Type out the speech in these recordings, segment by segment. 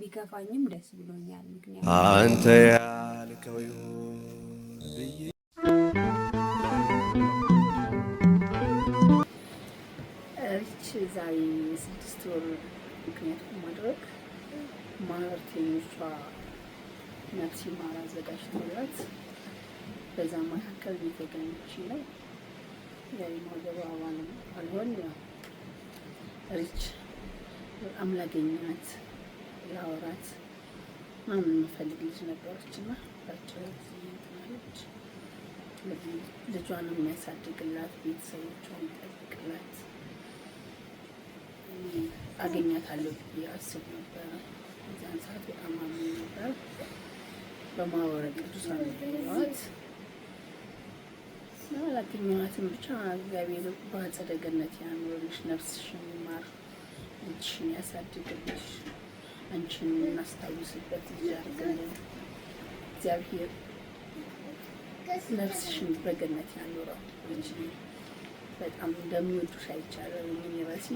ቢከፋኝም ደስ ብሎኛል። ምክንያቱም አንተ ያልከው ይሁን ብዬ ሪች ዛሬ ስድስት ወር ምክንያት በማድረግ ማህበርተኞቿ ነፍሲ ማር አዘጋጅቶላት በዛ መካከል የተገኘች ነው። ዛሬ አባል አልሆን ሪች በጣም ላገኘናት ለአውራት ምናምን የሚፈልግ ልጅ ነበረች እና ባቸው ልጇን የሚያሳድግላት ቤተሰቦቿን የሚጠብቅላት አገኛታለሁ ብዬ አስብ ነበረ። እዚያን ሰዓት በጣም ነበር። ቅዱሳን ብቻ እግዚአብሔር በአጸደ ገነት ነፍስሽን ይማር፣ ልጅሽን ያሳድግልሽ። አንቺን የምናስታውስበት ያድርግልን እግዚአብሔር። ነፍስሽን በገነት ያኖረው። በጣም እንደሚወዱሽ አይቻልም። ዩኒቨርሲ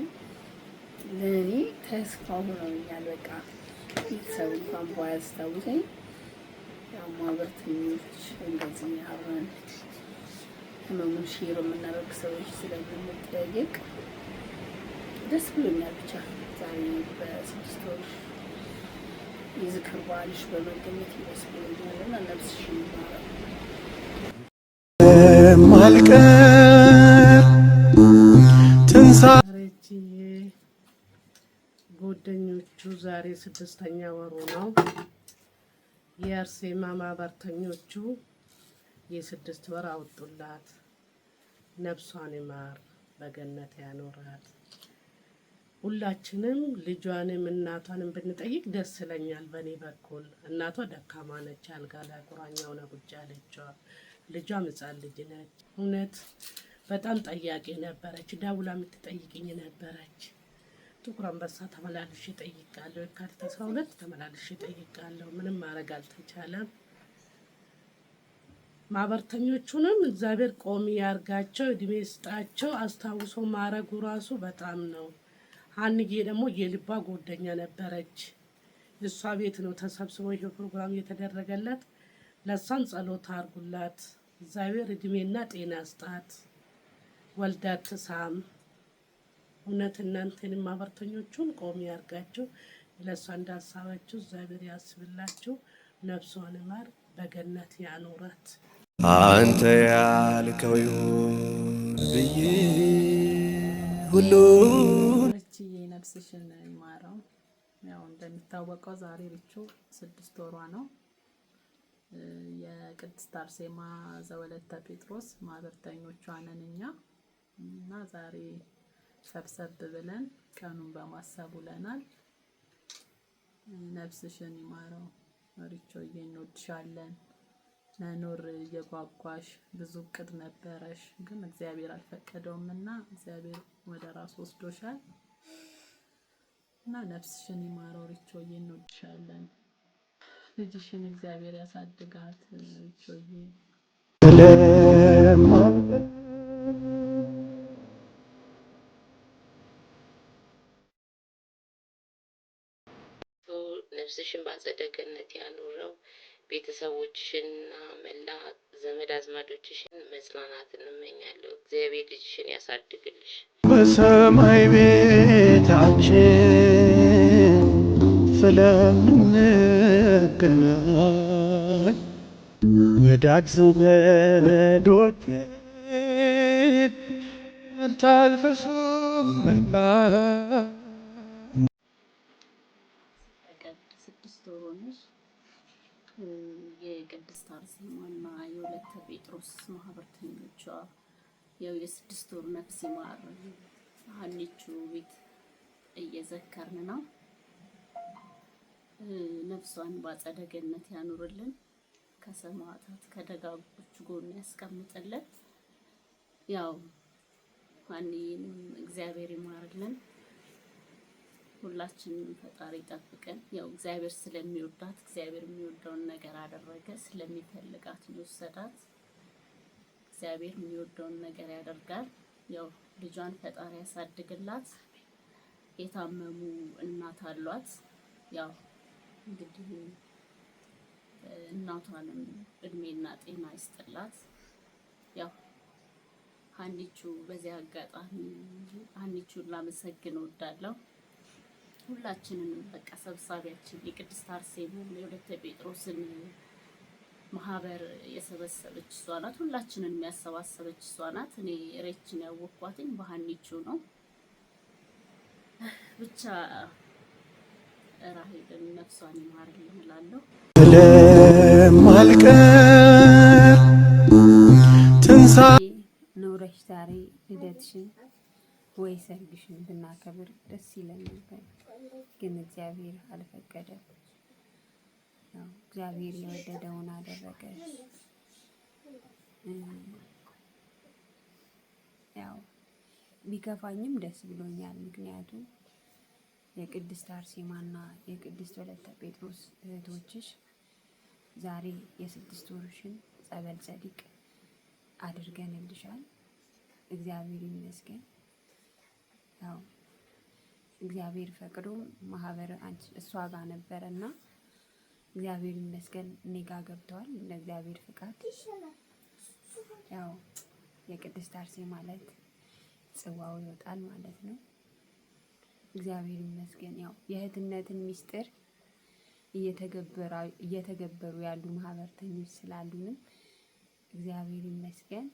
ለእኔ ተስፋ ሆነውኛል። በቃ ቤተሰብ እንኳን ባያስታውሰኝ ማህበርተኞች እንደዚህ አብረን ህመሙን ሼር የምናደርግ ሰዎች ስለምንጠየቅ ደስ ብሎኛል። ብቻ ዛሬ በስድስት ወር የዝክር በዓልሽ በመገኘት ይመስገንልና ነፍስሽ ይማራል። ማልቀር ትንሳሬች ጓደኞቹ ዛሬ ስድስተኛ ወሩ ነው። የአርሴማ ማህበርተኞቹ የስድስት ወር አውጡላት፣ ነፍሷን ይማር በገነት ያኖራት። ሁላችንም ልጇንም እናቷንም ብንጠይቅ ደስ ይለኛል። በእኔ በኩል እናቷ ደካማ ነች፣ አልጋ ላይ ቁራኛ ሆና ቁጭ ያለችዋ፣ ልጇ ሕፃን ልጅ ነች። እውነት በጣም ጠያቂ ነበረች፣ ደውላ የምትጠይቅኝ ነበረች። ጥቁር አንበሳ ተመላልሽ ይጠይቃለሁ፣ የካቲት አስራ ሁለት ተመላልሽ ይጠይቃለሁ። ምንም ማድረግ አልተቻለም። ማህበርተኞቹንም እግዚአብሔር ቆሚ ያርጋቸው፣ እድሜ ስጣቸው። አስታውሶ ማረጉ ራሱ በጣም ነው ሀንዬ ደግሞ የልባ ጎደኛ ነበረች። እሷ ቤት ነው ተሰብስቦ ይሄ ፕሮግራም እየተደረገለት። ለእሷም ጸሎት አርጉላት። እግዚአብሔር እድሜና ጤና ስጣት፣ ወልዳ ትሳም። እውነት እናንተን ማበርተኞቹን ቆሚ ያርጋችሁ። ለእሷ እንዳሳባችሁ እግዚአብሔር ያስብላችሁ። ነፍሷን ማር በገነት ያኖራት። አንተ ያልከው ይሁን ብዬ ሁሉ ሪችዬ ነፍስሽን ይማረው። ያው እንደሚታወቀው ዛሬ ሪቹ ስድስት ወሯ ነው። የቅድስት አርሴማ ዘወለተ ጴጥሮስ ማህበርተኞቿ ነን እኛ እና ዛሬ ሰብሰብ ብለን ቀኑን በማሰብ ውለናል። ነፍስሽን ይማረው ሪቾዬ፣ እንወድሻለን። መኖር እየጓጓሽ ብዙ እቅድ ነበረሽ፣ ግን እግዚአብሔር አልፈቀደውም እና እግዚአብሔር ወደ ራሱ ወስዶሻል። እና ነፍስሽን ይማረው። ሪቾዬ እንወድሻለን። ልጅሽን እግዚአብሔር ያሳድጋት። ሪቾዬ ነፍስሽን በአጸደ ገነት ያኑረው። ቤተሰቦችሽንና መላ ዘመድ አዝማዶችሽን መጽናናት እንመኛለሁ። እግዚአብሔር ልጅሽን ያሳድግልሽ በሰማይ ቤት ስለምንገናኝ ወዳጅ ዘመዶች ታልፈሱምና የቅድስት አርሴማና የወለተ ጴጥሮስ ማህበርተኞቿ ያው የስድስት ወር ነፍስ ይማር ሀኒቹ ቤት እየዘከርን ነው። ነፍሷን በአጸደ ገነት ያኑርልን፣ ከሰማዕታት ከደጋጎች ጎን ያስቀምጥልን። ያው ማንንም እግዚአብሔር ይማርልን፣ ሁላችንም ፈጣሪ ይጠብቅን። ያው እግዚአብሔር ስለሚወዳት እግዚአብሔር የሚወደውን ነገር አደረገ፣ ስለሚፈልጋት የወሰዳት እግዚአብሔር የሚወደውን ነገር ያደርጋል። ያው ልጇን ፈጣሪ ያሳድግላት። የታመሙ እናት አሏት ያው እንግዲህ እናቷንም እድሜና ጤና ይስጥላት። ያው ሀኒቹ በዚህ አጋጣሚ ሀኒቹን ላመሰግን እወዳለሁ። ሁላችንንም በቃ ሰብሳቢያችን የቅድስት አርሴማ የሁለተ ጴጥሮስን ማህበር የሰበሰበች እሷ ናት። ሁላችንን የሚያሰባሰበች እሷ ናት። እኔ ሬችን ያወኳትኝ በሀኒቹ ነው ብቻ ራሄልን ነፍሷን ይማርልን እላለሁ። ለማልቀር ትንሳ ኑረሽ ዛሬ ልደትሽን ወይ ሰርግሽን ብናከብር ደስ ይለኛል፣ ግን እግዚአብሔር አልፈቀደም። እግዚአብሔር የወደደውን አደረገ። ያው ቢከፋኝም ደስ ብሎኛል፣ ምክንያቱም የቅድስት አርሴማና የቅድስት ወለተ ጴጥሮስ እህቶችሽ ዛሬ የስድስት ወርሽን ጸበል ጸዲቅ አድርገንልሻል። እግዚአብሔር ይመስገን። ያው እግዚአብሔር ፈቅዶ ማህበር እሷ ጋር ነበረ እና እግዚአብሔር ይመስገን እኔ ጋ ገብተዋል። እንደ እግዚአብሔር ፍቃድ ያው የቅድስት አርሴማ ማለት ጽዋው ይወጣል ማለት ነው። እግዚአብሔር ይመስገን። ያው የእህትነትን ሚስጥር እየተገበሩ ያሉ ማህበርተኞች ስላሉንም እግዚአብሔር ይመስገን።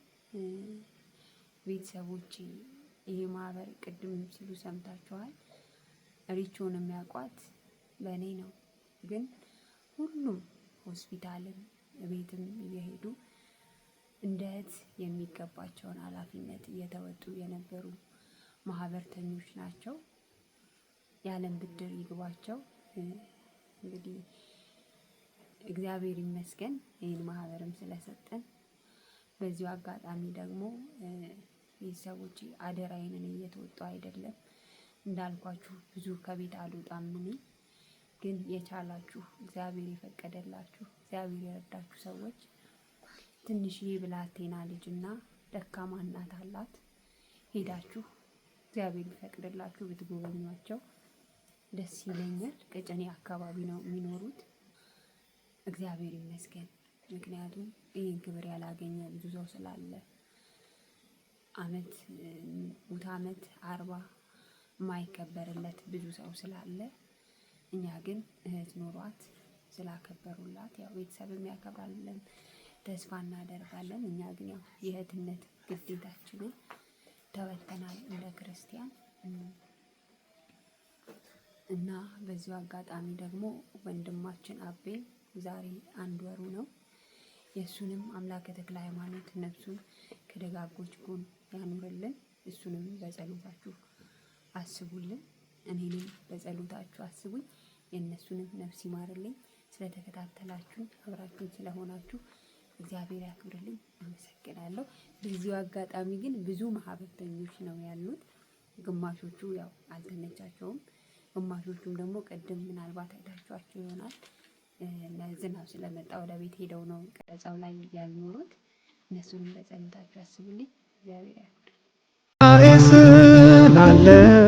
ቤተሰቦች ይሄ ማህበር ቅድም ሲሉ ሰምታችኋል። ሪቾን የሚያውቋት በእኔ ነው። ግን ሁሉም ሆስፒታልም ቤትም እየሄዱ እንደ እህት የሚገባቸውን ኃላፊነት እየተወጡ የነበሩ ማህበርተኞች ናቸው። የዓለም ብድር ይግባቸው። እንግዲህ እግዚአብሔር ይመስገን ይህን ማህበርም ስለሰጠን። በዚሁ አጋጣሚ ደግሞ ቤተሰቦች አደራዬን እየተወጡ አይደለም እንዳልኳችሁ ብዙ ከቤት አልወጣም እኔ ግን የቻላችሁ እግዚአብሔር የፈቀደላችሁ እግዚአብሔር የረዳችሁ ሰዎች ትንሽ ይህ ብላቴና ልጅ እና ደካማ እናት አላት ሄዳችሁ እግዚአብሔር ይፈቅድላችሁ ብትጎበኟቸው ደስ ይለኛል። ቀጨኔ አካባቢ ነው የሚኖሩት። እግዚአብሔር ይመስገን። ምክንያቱም ይህን ክብር ያላገኘ ብዙ ሰው ስላለ አመት ሙት አመት አርባ የማይከበርለት ብዙ ሰው ስላለ እኛ ግን እህት ኑሯት ስላከበሩላት ያው ቤተሰብም ያከብራለን ተስፋ እናደርጋለን። እኛ ግን ያው የእህትነት ግዴታችንን ተወጥተናል እንደ ክርስቲያን እና በዚሁ አጋጣሚ ደግሞ ወንድማችን አቤ ዛሬ አንድ ወሩ ነው። የእሱንም አምላከ ተክለ ሃይማኖት ነፍሱን ከደጋጎች ጎን ያኑርልን። እሱንም በጸሎታችሁ አስቡልን፣ እኔንም በጸሎታችሁ አስቡኝ። የእነሱንም ነፍስ ይማርልኝ። ስለተከታተላችሁን አብራችሁን ስለሆናችሁ እግዚአብሔር ያክብርልኝ። አመሰግናለሁ። በዚሁ አጋጣሚ ግን ብዙ ማህበርተኞች ነው ያሉት። ግማሾቹ ያው አልተመቻቸውም። ግማሾቹም ደግሞ ቅድም ምናልባት አይታችኋቸው ይሆናል ዝናብ ስለመጣ ወደ ቤት ሄደው ነው ቀረጻው ላይ ያልኖሩት። እነሱንም በጸሎታችሁ አስቡልኝ። እግዚአብሔር ያስብ።